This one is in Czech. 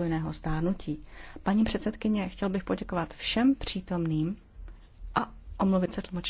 důstojného stárnutí. Paní předsedkyně, chtěl bych poděkovat všem přítomným a omluvit se tlumočníkům.